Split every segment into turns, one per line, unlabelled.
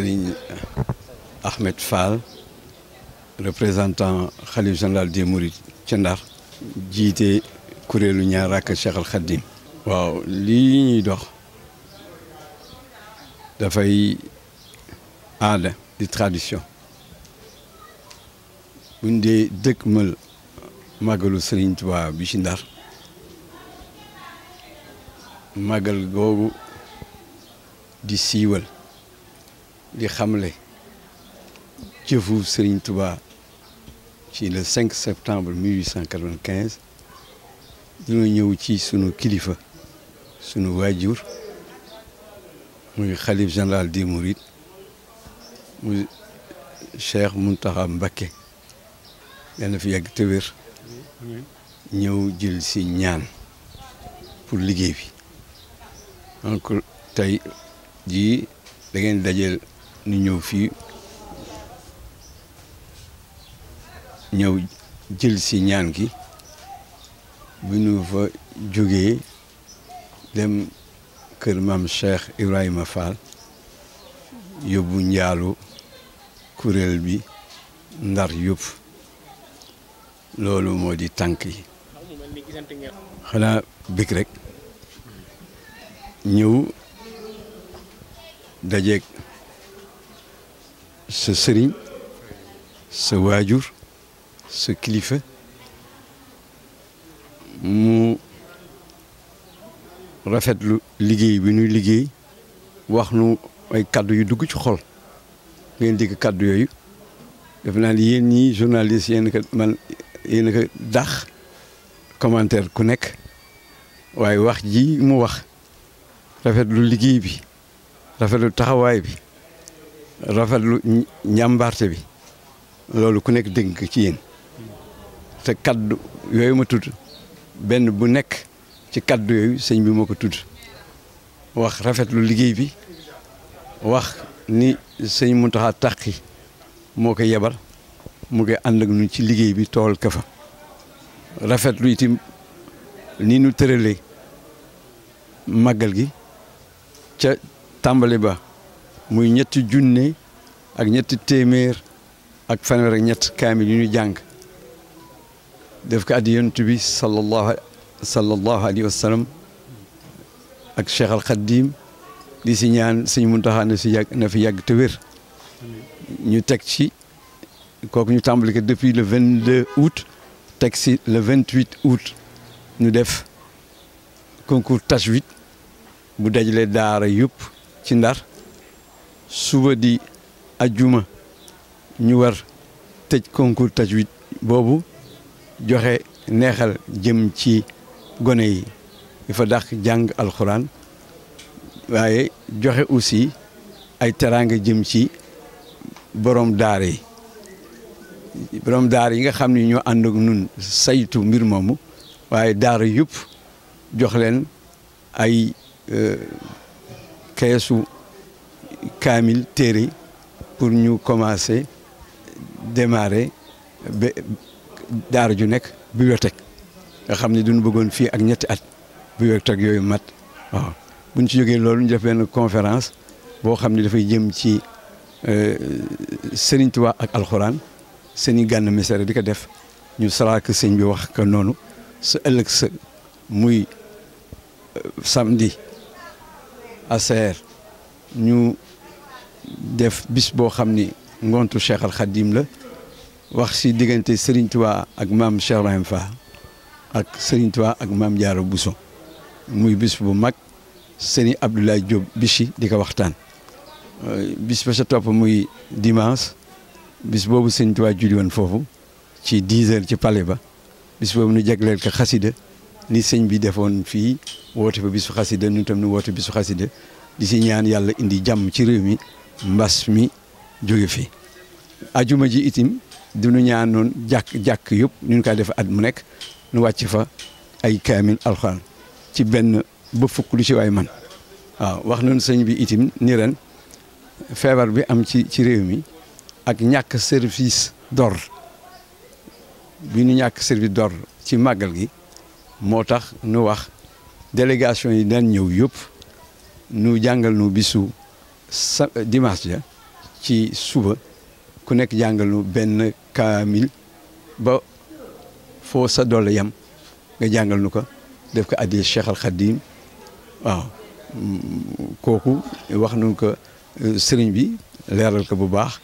Serigne Ahmed Fall représentant xalif général des Mourides ci jiite kuréelu ñaar rakk Cheikh Al Khadim waaw lii ñuy dox dafay aada di tradition buñ dee dëkk mël màggalu Serigne Touba bi ci Ndar màggal googu di siiwal li xamle jëfu Serigne Touba ci le 5 septembre 1895 dina ñëw ci sunu kilifa sunu waajur muy xalif général di murit muy Cheikh Mountakha Mbacké yàlla na fi yàgg te ñëw jil si ñaan pour liggéey bi donc tey jii da ngeen dajeel. ñu ñëw fii ñëw jël si ñaan ki bu ñu fa jógee dem kër maam Cheikh Ibrahima Fall yóbbu njaalu kuréel bi ndar yëpp loolu moo di tànk yi xanaa bég rek ñëw dajeeg sa sëriñ sa waajur sa kilifa mu rafetlu liggéey bi ñuy liggéey wax nu ay kàddu yu dugg ci xol ngeen dégg kàddu yooyu def naa ni yéen ñii journaliste yéen ko man yéen ko dax commentaire ku nekk waaye wax ji mu wax rafetlu liggéey bi rafetlu taxawaay bi rafetlu njàmbaarte bi loolu ku nekk dégg ci yéen te kaddu yooyu ma tudd benn bu nekk ci kaddu yooyu sëñ bi moo ko tudd wax rafetlu liggéey bi wax ni sëñ Muntaxa Taqi moo ko yebal mu ngi ànd ak ñun ci liggéey bi tool ka rafetlu itim ni nu tëralee màggal gi ca tàmbali ba muy ñetti junne ak ñetti téeméer ak fanweer ak ñett kaamil yu ñu jàng def ko addi bi sallallahu sallallahu alayhi wa sallam ak Cheikh Al Khadim di si ñaan suñu muntaxaa na si na fi yàgg te wér ñu teg ci kooku ñu tàmbali ko depuis le 22 août teg si le 28 août ñu def concours tajwid bu dajalee daara yëpp ci ndar suba di ajjuma ñu war tëj concours tajwid boobu joxe neexal jëm ci gone yi dafa dàq jàng alxuraan waaye joxe aussi ay teraanga jëm ci borom daara yi borom daara yi nga xam ni ñoo ànd ak nun saytu mbir moomu waaye daara yëpp jox leen ay euh, keesu kaamil téere pour ñu commencer démarrer ba ju nekk bibliothèque nga xam ne duñu bëggoon fii ak ñetti at bibliothèque yooyu mat waaw buñ ci jógee loolu ñu def benn conférence boo xam ne dafay jëm ci euh, Serigne Touba ak alxuraan Serigne Gana Messere di ko def ñu salaak sëñ bi wax ko noonu sa ëllëg sa muy euh, samedi ACR ñu def bis boo xam ni ngontu Cheikh Al la wax si diggante sëriñtuwaa ak maam Cheikh Ibrahim Fall ak Serigne Touba ak maam Diarra Bousso muy bis bu mag Serigne Abdoulaye Diop Bichi di ko waxtaan. Euh, bis ba sa topp muy dimanche bis boobu Serigne Touba julli foofu ci 10 heures ci pale ba bis boobu nu jagleel ko xasida ni sëñ bi defoon fii woote fa bisu xasida nu tam nu woote bisu xasida di si ñaan yàlla indi jàmm ci réew mi. mbas mi jóge fi ajuma ji itim dinu ñaan noon jàkk jàkk yëpp ñu ngi koy def at mu nekk nu wàcc fa ay kaamil alxuraan ci benn ba fukk lu ci waay man waaw wax noonu sëñ bi itim ni ren feebar bi am ci ci réew mi ak ñàkk service dor bi ñu ñàkk service dor ci màggal gi moo tax nu wax délégation yi daan ñëw yëpp nu jàngal nu bisu sa dimanche ja ci suba ku nekk jàngalu benn kaamil ba foo sa doole yam nga jàngal nu ko def ko addiya Cheikh Al waaw kooku wax nu ko euh, sëriñ bi leeral ko bu baax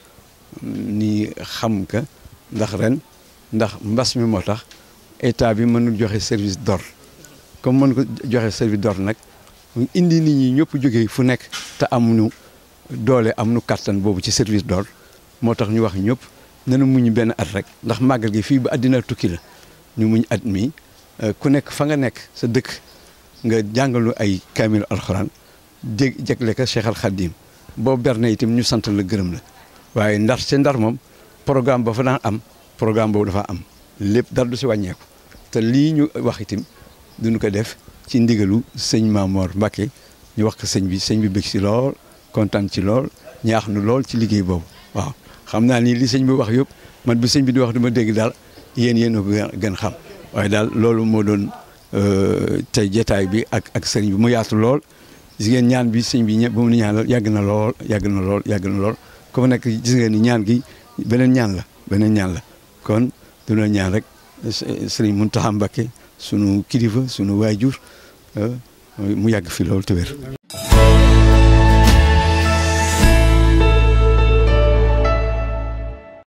ni xam ka ndax ren ndax mbas mi moo tax état bi mënul joxe service dor comme mën ko joxe service dor nag indi nit ñi ñëpp jóge fu nekk te amuñu doole am nu kattan boobu ci service d'ordre moo tax ñu wax ñëpp nanu muñ benn at rek ndax màggal gi fii ba àddina tukki la ñu muñ at mii euh, ku nekk fa nga nekk sa dëkk nga jàngalu ay kaamil alxuraan jég jégle ka Cheikh Al Khadim boo berne itam ñu santal la gërëm la waaye ndar ci ndar moom programme ba fa daan am programme boobu dafa am lépp dara du si wàññeeku te lii ñu wax itam duñu ko def ci ndigalu sëñ Maamoor Mbàkke ñu wax ko sëñ bi sëñ bi si lool kontaan ci lool ñaax nu lool ci liggéey boobu waaw xam naa ni li sëñ bi wax yëpp man bi sëñ bi di wax ma dégg daal yéen yéen a ko gën xam waaye daal loolu moo doon euh, te jataay bi ak ak sëriñ bi mu yaatu lool jigéen ñaan bi sëñ bi ba mu ni yàgg na lool yàgg na lool yàgg na lool ku mu nekk gis ngeen ñaan gi beneen ñaan la beneen ñaan la kon du ñaan rek sëriñ Mountakha Mbacké sunu kilifa sunu waajur euh, mu yàgg fi lool te